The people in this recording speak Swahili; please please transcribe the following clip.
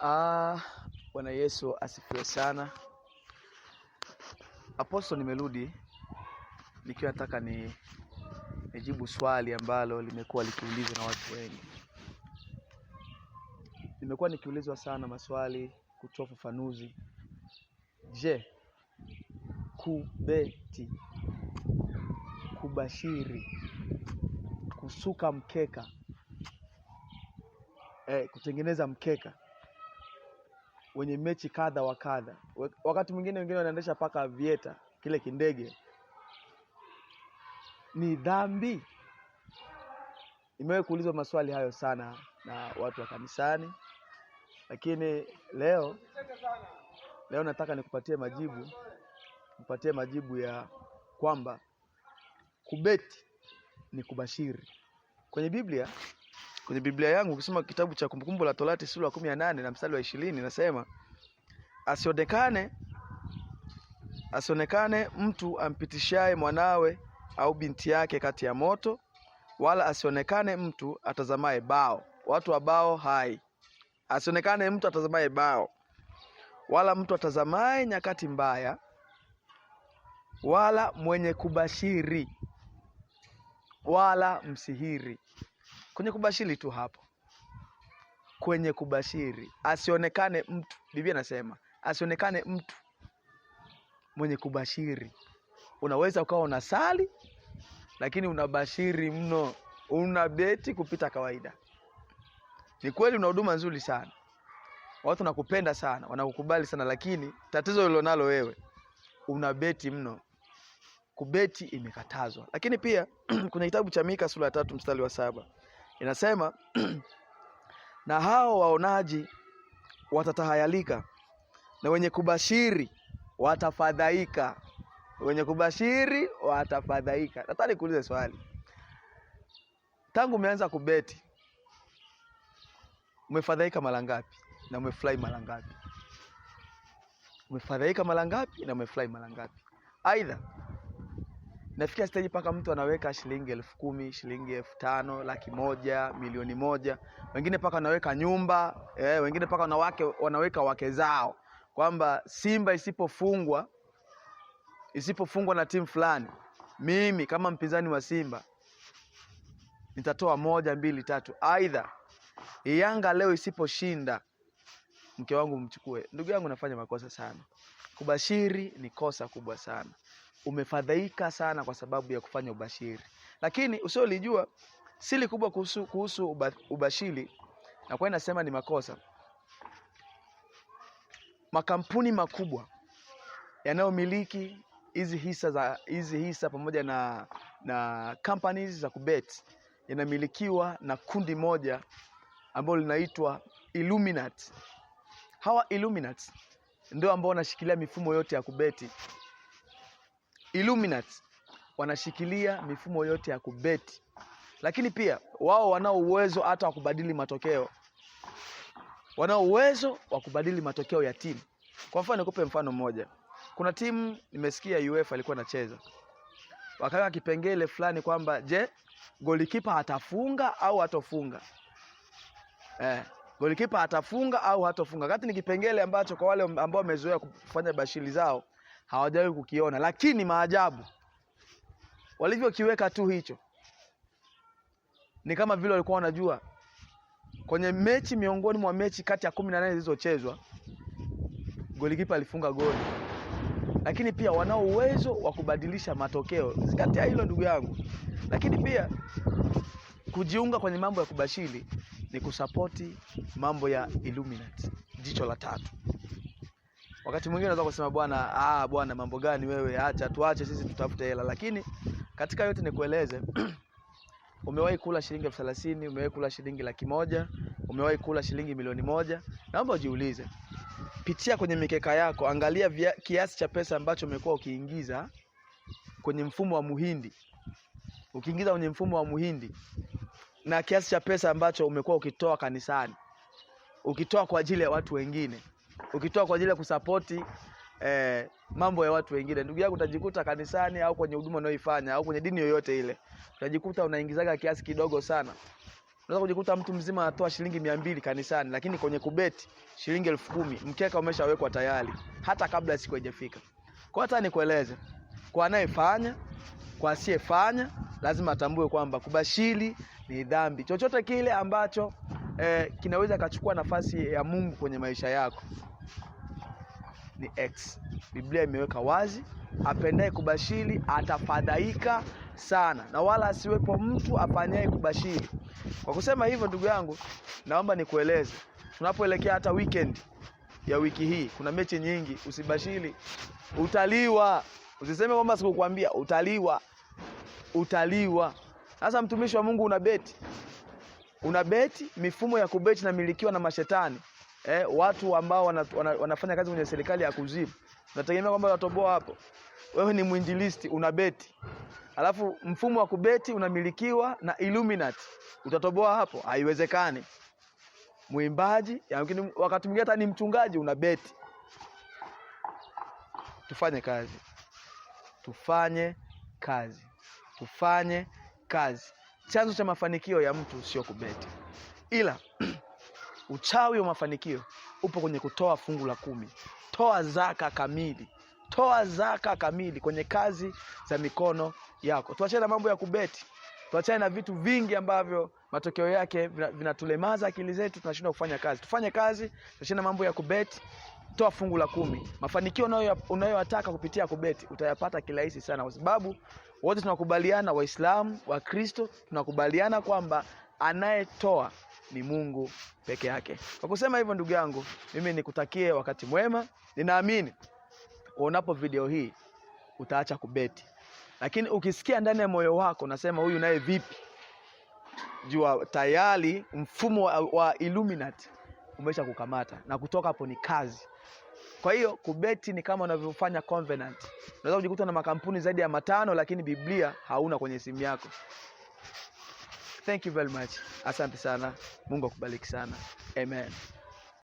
Ah, Bwana Yesu asifiwe sana. Apostle, nimerudi nikiwa nataka ni nijibu swali ambalo limekuwa likiulizwa na watu wengi. Nimekuwa nikiulizwa sana maswali kutoa ufafanuzi. Je, kubeti, kubashiri, kusuka mkeka, eh, kutengeneza mkeka wenye mechi kadha wa kadha. Wakati mwingine wengine wanaendesha paka vieta kile kindege. Ni dhambi? Nimewahi kuulizwa maswali hayo sana na watu wa kanisani, lakini leo leo nataka nikupatie majibu, nikupatie majibu ya kwamba kubeti ni kubashiri kwenye Biblia. Kwenye Biblia yangu ukisoma kitabu cha Kumbukumbu la Torati sura ya kumi na nane na mstari wa ishirini nasema asionekane asionekane mtu ampitishaye mwanawe au binti yake kati ya moto, wala asionekane mtu atazamaye bao, watu wa bao hai, asionekane mtu atazamaye bao, wala mtu atazamaye nyakati mbaya, wala mwenye kubashiri, wala msihiri kwenye kubashiri tu hapo, kwenye kubashiri, asionekane mtu. Biblia anasema asionekane mtu mwenye kubashiri. Unaweza ukawa unasali lakini unabashiri mno, una beti kupita kawaida. Ni kweli una huduma nzuri sana, watu nakupenda sana, wanakukubali sana, lakini tatizo ulilonalo wewe, una beti mno. Kubeti imekatazwa. Lakini pia kwenye kitabu cha Mika sura ya tatu mstari wa saba inasema na hao waonaji watatahayalika na wenye kubashiri watafadhaika, wenye kubashiri watafadhaika. Nataka nikuulize swali, tangu umeanza kubeti umefadhaika mara ngapi na umefurahi mara ngapi? Umefadhaika mara ngapi na umefurahi mara ngapi? Aidha Nafikia stage mpaka mtu anaweka shilingi elfu kumi, shilingi elfu tano, laki moja, milioni moja, wengine mpaka wanaweka nyumba eh, wengine mpaka wanawake wanaweka wake zao kwamba Simba isipofungwa isipofungwa na timu fulani, mimi kama mpinzani wa Simba nitatoa moja mbili tatu, aidha Yanga leo isiposhinda mke wangu mchukue. Ndugu yangu, nafanya makosa sana. Kubashiri ni kosa kubwa sana umefadhaika sana kwa sababu ya kufanya ubashiri. Lakini usiolijua siri kubwa kuhusu, kuhusu uba, ubashiri na kwa inasema ni makosa. Makampuni makubwa yanayomiliki hizi hisa za hizi hisa pamoja na na companies za kubet yanamilikiwa na kundi moja ambalo linaitwa Illuminati. Hawa Illuminati ndio ambao wanashikilia mifumo yote ya kubeti. Illuminati wanashikilia mifumo yote ya kubeti, lakini pia wao wanao uwezo hata wa kubadili matokeo, wanao uwezo wa kubadili matokeo ya timu. Kwa mfano, nikupe mfano mmoja. Kuna timu nimesikia UEFA alikuwa anacheza, wakaweka kipengele fulani kwamba je, golikipa atafunga au hatofunga eh, golikipa atafunga au hatofunga, kati ni kipengele ambacho kwa wale ambao wamezoea kufanya bashili zao hawajawahi kukiona, lakini maajabu walivyokiweka tu hicho, ni kama vile walikuwa wanajua. Kwenye mechi miongoni mwa mechi kati ya kumi na nane zilizochezwa golikipa alifunga goli, lakini pia wanao uwezo wa kubadilisha matokeo. Zingatia hilo ndugu yangu, lakini pia kujiunga kwenye mambo ya kubashili ni kusapoti mambo ya Illuminati, jicho la tatu. Wakati mwingine unaweza kusema bwana, ah bwana, mambo gani wewe, acha tuache sisi tutafute hela. Lakini katika yote nikueleze umewahi kula shilingi elfu thelathini umewahi kula shilingi laki moja umewahi kula shilingi milioni moja Naomba ujiulize, pitia kwenye mikeka yako, angalia vya, kiasi cha pesa ambacho umekuwa ukiingiza kwenye mfumo wa muhindi, ukiingiza kwenye mfumo wa muhindi na kiasi cha pesa ambacho umekuwa ukitoa kanisani, ukitoa kwa ajili ya watu wengine ukitoa kwa ajili ya kusapoti eh, mambo ya watu wengine. Ndugu yako, utajikuta kanisani au kwenye huduma unayoifanya au kwenye dini yoyote ile, utajikuta unaingizaga kiasi kidogo sana. Unaweza kujikuta mtu mzima anatoa shilingi mia mbili kanisani, lakini kwenye kubeti shilingi elfu kumi mkeka umeshawekwa tayari, hata kabla siku haijafika. Kwa hata nikueleze, kwa anayefanya, kwa asiyefanya, lazima atambue kwamba kubashiri ni dhambi. Chochote kile ambacho eh, kinaweza kachukua nafasi ya Mungu kwenye maisha yako ni X. Biblia imeweka wazi, apendaye kubashiri atafadhaika sana, na wala asiwepo mtu apanyaye kubashiri. Kwa kusema hivyo, ndugu yangu, naomba nikueleze, tunapoelekea hata weekend ya wiki hii, kuna mechi nyingi, usibashiri, utaliwa. Usiseme kwamba sikukwambia, utaliwa, utaliwa. Sasa mtumishi wa Mungu, una beti, una beti, mifumo ya kubeti milikiwa na mashetani eh, watu ambao wana, wana, wanafanya kazi kwenye serikali ya kuzimu, unategemea kwamba watoboa hapo? Wewe ni mwinjilisti, una beti alafu mfumo wa kubeti unamilikiwa na Illuminati, utatoboa hapo? Haiwezekani. Mwimbaji yamkini, wakati mwingine hata ni mchungaji, una beti. Tufanye kazi, tufanye kazi, tufanye kazi. Chanzo cha mafanikio ya mtu sio kubeti, ila Uchawi wa mafanikio upo kwenye kutoa fungu la kumi. Toa zaka kamili, toa zaka kamili kwenye kazi za mikono yako. Tuachane na mambo ya kubeti, tuachane na vitu vingi ambavyo matokeo yake vinatulemaza akili zetu, tunashindwa kufanya kazi. Tufanye kazi, tuachane na mambo ya kubeti. Toa fungu la kumi. Mafanikio unayoyataka kupitia kubeti utayapata kirahisi sana, kwa sababu wote tunakubaliana, Waislamu, Wakristo, tunakubaliana kwamba anayetoa ni Mungu peke yake. Kwa kusema hivyo, ndugu yangu, mimi nikutakie wakati mwema. Ninaamini uonapo video hii utaacha kubeti, lakini ukisikia ndani ya moyo wako nasema huyu naye vipi, jua tayari mfumo wa, wa Illuminati umesha kukamata na kutoka hapo ni kazi. Kwa hiyo kubeti ni kama unavyofanya covenant. Unaweza kujikuta na makampuni zaidi ya matano, lakini Biblia hauna kwenye simu yako. Thank you very much. Asante sana. Mungu akubariki sana. Amen.